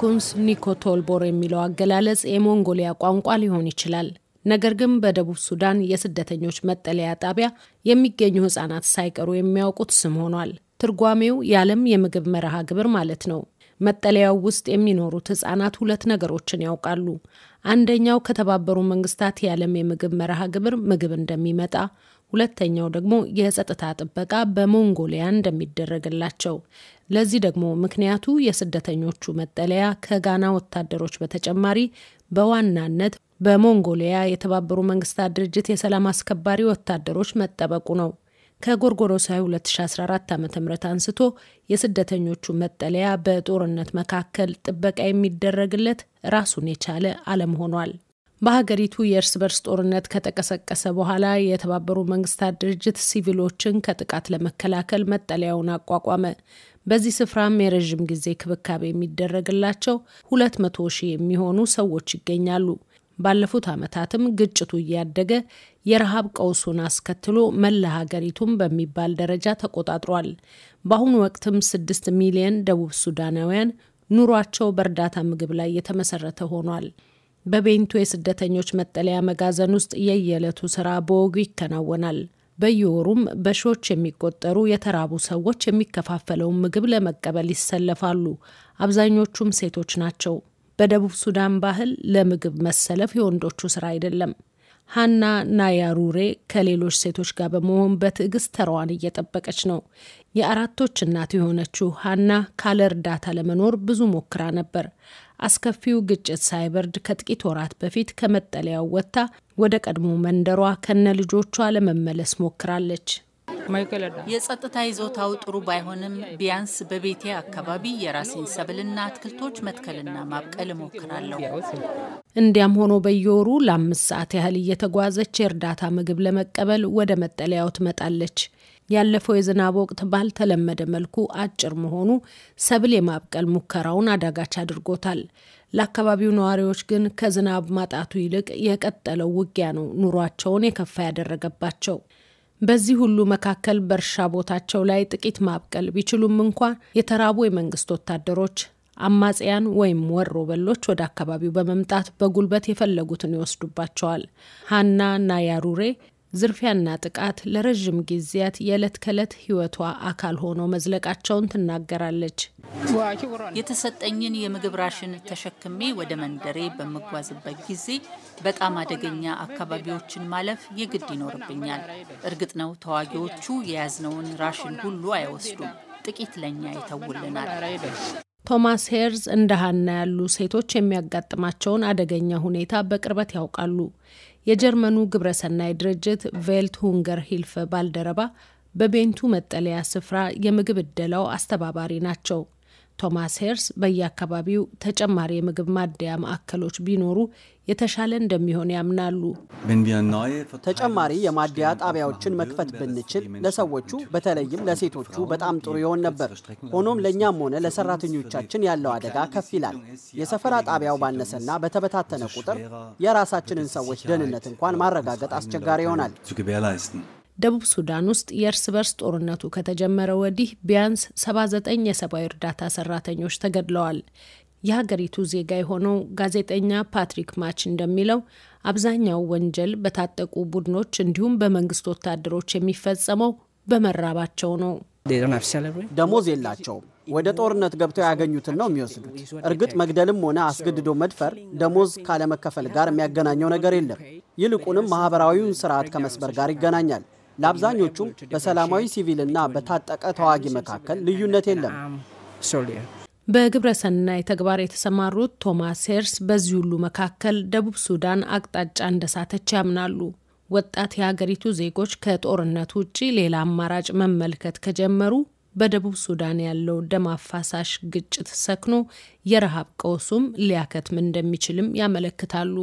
ኩንስ ኒኮቶልቦር የሚለው አገላለጽ የሞንጎሊያ ቋንቋ ሊሆን ይችላል። ነገር ግን በደቡብ ሱዳን የስደተኞች መጠለያ ጣቢያ የሚገኙ ህጻናት ሳይቀሩ የሚያውቁት ስም ሆኗል። ትርጓሜው የዓለም የምግብ መርሃ ግብር ማለት ነው። መጠለያው ውስጥ የሚኖሩት ህጻናት ሁለት ነገሮችን ያውቃሉ። አንደኛው ከተባበሩ መንግስታት የዓለም የምግብ መርሃ ግብር ምግብ እንደሚመጣ፣ ሁለተኛው ደግሞ የጸጥታ ጥበቃ በሞንጎሊያ እንደሚደረግላቸው። ለዚህ ደግሞ ምክንያቱ የስደተኞቹ መጠለያ ከጋና ወታደሮች በተጨማሪ በዋናነት በሞንጎሊያ የተባበሩ መንግስታት ድርጅት የሰላም አስከባሪ ወታደሮች መጠበቁ ነው። ከጎርጎሮሳዊ 2014 ዓ ም አንስቶ የስደተኞቹ መጠለያ በጦርነት መካከል ጥበቃ የሚደረግለት ራሱን የቻለ አለም ሆኗል። በሀገሪቱ የእርስ በርስ ጦርነት ከተቀሰቀሰ በኋላ የተባበሩ መንግስታት ድርጅት ሲቪሎችን ከጥቃት ለመከላከል መጠለያውን አቋቋመ። በዚህ ስፍራም የረዥም ጊዜ ክብካቤ የሚደረግላቸው 200 ሺህ የሚሆኑ ሰዎች ይገኛሉ። ባለፉት ዓመታትም ግጭቱ እያደገ የረሃብ ቀውሱን አስከትሎ መላ ሀገሪቱን በሚባል ደረጃ ተቆጣጥሯል። በአሁኑ ወቅትም ስድስት ሚሊየን ደቡብ ሱዳናውያን ኑሯቸው በእርዳታ ምግብ ላይ የተመሰረተ ሆኗል። በቤንቱ የስደተኞች መጠለያ መጋዘን ውስጥ የየዕለቱ ስራ በወጉ ይከናወናል። በየወሩም በሺዎች የሚቆጠሩ የተራቡ ሰዎች የሚከፋፈለውን ምግብ ለመቀበል ይሰለፋሉ። አብዛኞቹም ሴቶች ናቸው። በደቡብ ሱዳን ባህል ለምግብ መሰለፍ የወንዶቹ ስራ አይደለም። ሀና ናያሩሬ ከሌሎች ሴቶች ጋር በመሆን በትዕግስት ተራዋን እየጠበቀች ነው። የአራቶች እናት የሆነችው ሀና ካለ እርዳታ ለመኖር ብዙ ሞክራ ነበር። አስከፊው ግጭት ሳይበርድ ከጥቂት ወራት በፊት ከመጠለያው ወጥታ ወደ ቀድሞ መንደሯ ከነ ልጆቿ ለመመለስ ሞክራለች። የጸጥታ ይዞታው ጥሩ ባይሆንም ቢያንስ በቤቴ አካባቢ የራሴን ሰብልና አትክልቶች መትከልና ማብቀል እሞክራለሁ። እንዲያም ሆኖ በየወሩ ለአምስት ሰዓት ያህል እየተጓዘች የእርዳታ ምግብ ለመቀበል ወደ መጠለያው ትመጣለች። ያለፈው የዝናብ ወቅት ባልተለመደ መልኩ አጭር መሆኑ ሰብል የማብቀል ሙከራውን አዳጋች አድርጎታል። ለአካባቢው ነዋሪዎች ግን ከዝናብ ማጣቱ ይልቅ የቀጠለው ውጊያ ነው ኑሯቸውን የከፋ ያደረገባቸው። በዚህ ሁሉ መካከል በእርሻ ቦታቸው ላይ ጥቂት ማብቀል ቢችሉም እንኳ የተራቡ የመንግስት ወታደሮች፣ አማጽያን ወይም ወሮ በሎች ወደ አካባቢው በመምጣት በጉልበት የፈለጉትን ይወስዱባቸዋል። ሀና ናያሩሬ ዝርፊያና ጥቃት ለረዥም ጊዜያት የዕለት ከዕለት ህይወቷ አካል ሆኖ መዝለቃቸውን ትናገራለች። የተሰጠኝን የምግብ ራሽን ተሸክሜ ወደ መንደሬ በምጓዝበት ጊዜ በጣም አደገኛ አካባቢዎችን ማለፍ የግድ ይኖርብኛል። እርግጥ ነው ተዋጊዎቹ የያዝነውን ራሽን ሁሉ አይወስዱም፣ ጥቂት ለኛ ይተውልናል። ቶማስ ሄርዝ እንደ ሀና ያሉ ሴቶች የሚያጋጥማቸውን አደገኛ ሁኔታ በቅርበት ያውቃሉ። የጀርመኑ ግብረሰናይ ድርጅት ቬልት ሁንገር ሂልፍ ባልደረባ በቤንቱ መጠለያ ስፍራ የምግብ እደላው አስተባባሪ ናቸው። ቶማስ ሄርስ በየአካባቢው ተጨማሪ የምግብ ማደያ ማዕከሎች ቢኖሩ የተሻለ እንደሚሆን ያምናሉ። ተጨማሪ የማደያ ጣቢያዎችን መክፈት ብንችል ለሰዎቹ በተለይም ለሴቶቹ በጣም ጥሩ ይሆን ነበር። ሆኖም ለእኛም ሆነ ለሰራተኞቻችን ያለው አደጋ ከፍ ይላል። የሰፈራ ጣቢያው ባነሰና በተበታተነ ቁጥር የራሳችንን ሰዎች ደህንነት እንኳን ማረጋገጥ አስቸጋሪ ይሆናል። ደቡብ ሱዳን ውስጥ የእርስ በርስ ጦርነቱ ከተጀመረ ወዲህ ቢያንስ 79 የሰብአዊ እርዳታ ሰራተኞች ተገድለዋል። የሀገሪቱ ዜጋ የሆነው ጋዜጠኛ ፓትሪክ ማች እንደሚለው አብዛኛው ወንጀል በታጠቁ ቡድኖች እንዲሁም በመንግስት ወታደሮች የሚፈጸመው በመራባቸው ነው። ደሞዝ የላቸውም። ወደ ጦርነት ገብተው ያገኙትን ነው የሚወስዱት። እርግጥ መግደልም ሆነ አስገድዶ መድፈር ደሞዝ ካለመከፈል ጋር የሚያገናኘው ነገር የለም። ይልቁንም ማህበራዊውን ስርዓት ከመስበር ጋር ይገናኛል። ለአብዛኞቹም በሰላማዊ ሲቪልና በታጠቀ ተዋጊ መካከል ልዩነት የለም። በግብረ ሰናይ ተግባር የተሰማሩት ቶማስ ሄርስ በዚህ ሁሉ መካከል ደቡብ ሱዳን አቅጣጫ እንደሳተች ያምናሉ። ወጣት የሀገሪቱ ዜጎች ከጦርነት ውጪ ሌላ አማራጭ መመልከት ከጀመሩ በደቡብ ሱዳን ያለው ደም አፋሳሽ ግጭት ሰክኖ የረሃብ ቀውሱም ሊያከትም እንደሚችልም ያመለክታሉ።